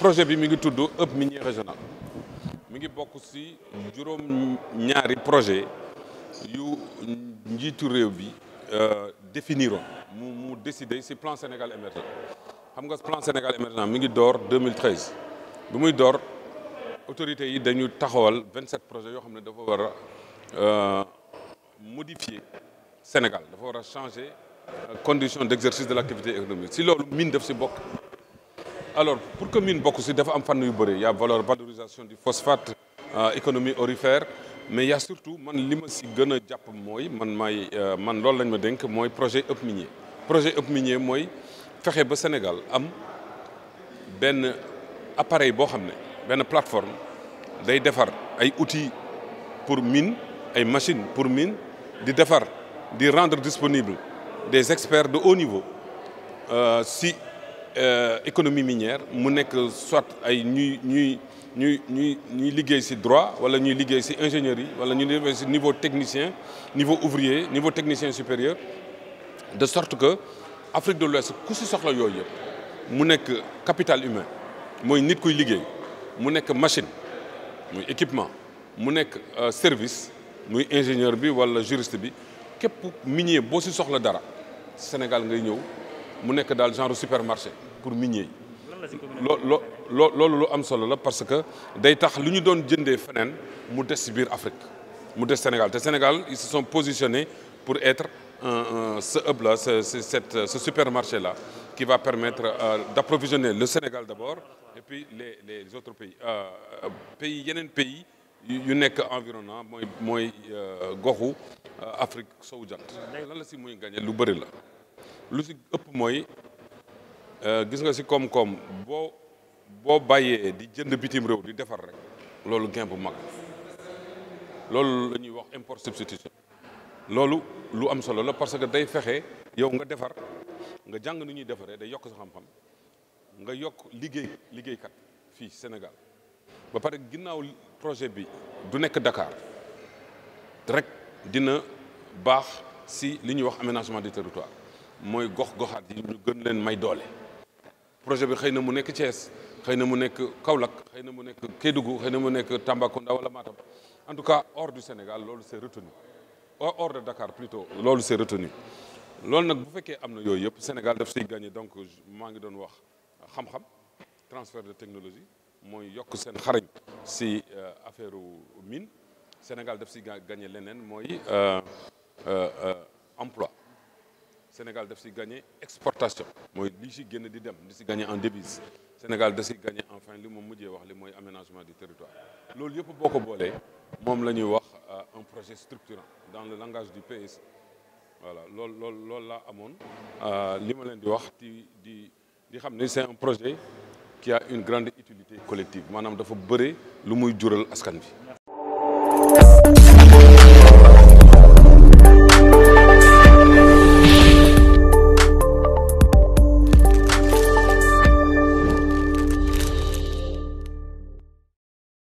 projet bi mi ngi tudd minier régional mi ngi bok ci juróom ñaari projet yu njitu rew bi euh, définiroon mu mu décider ci plan Sénégal émergent xam nga plan Sénégal émergent mi ngi dor 2013 bi muy dor autorités yi dañu 27 projets yo faut dafa euh, modifier Sénégal dafa wara changer euh, conditions d'exercice de l'activité économique Si lolu min def ci alors pour que mine mines soient dafa y' a valeur valorisation du phosphate euh, économie orifère, mais il y' a surtout man ce euh, que projet op minier projet minier Sénégal am appareil plateforme outils pour mine ay machines pour mine di rendre disponible des experts de haut niveau euh, si. Euh, économie minière mu soit ay ñuy ñuy ñuy ñuy niveau technicien niveau ouvrier niveau technicien supérieur de sorte que l'Afrique de l'Ouest tout sur soxla capital humain machine équipement euh, service ingénieur bi juriste bi minier Sénégal mu nek dans genre supermarché pour miner. yi loo loo loo lu am solo la parce que day tax luñu ñu doon des feneen mu des ci biir Afrique mu des Sénégal té Sénégal ils se sont positionnés pour être ce hub là ce cette ce supermarché là qui va permettre euh, d'approvisionner le Sénégal d'abord et puis les les autres pays euh, euh, pays yenen pays yu nek environnant moy mooy goxu Afrique saoudite. lan la ci muy gagné lu bëri la lu si ëpp mooy euh, gis nga si koom-koom boo boo bàyyee di jënd bitim di rek loolu gain bu mag loolu import substitution loolu lu am solo parce que day fexe yow nga defar nga ni ñuy defaree day yokk sa xam-xam nga Sénégal ba pare ginnaaw projet bi du nekk Dakar rek dina baax si li wax aménagement du territoire moy gox-goxaat yi ñu gën leen may doole. projet bi xëy na mu nekk Thiès xëy na mu nekk Kaolack xëy na mu nekk Kédougou xëy na mu nekk Tambacounda wala Matam en tout cas hors du Sénégal loolu c'est retenu hors de Dakar plutôt loolu c'est retenu loolu nag bu fekkee am na yooyu yëpp Sénégal daf siy gagné donc maa ngi doon wax xam-xam transfert de technologie mooy yokk seen xarañ si euh, affaire mine Sénégal daf siy gagné leneen mooy euh, euh, emploi Sénégal doit gagner gagné exportation mooy li si génn di dem di gagné en devise Sénégal da si gagné enfin li du territoire loolu qui est beaucoup boolee moom euh, un projet structurant dans le langage du pays e. voilà loolu euh, li ma di wax c'est un projet qui a une grande utilité collective maanaam dafa bëre lu muy jural askan bi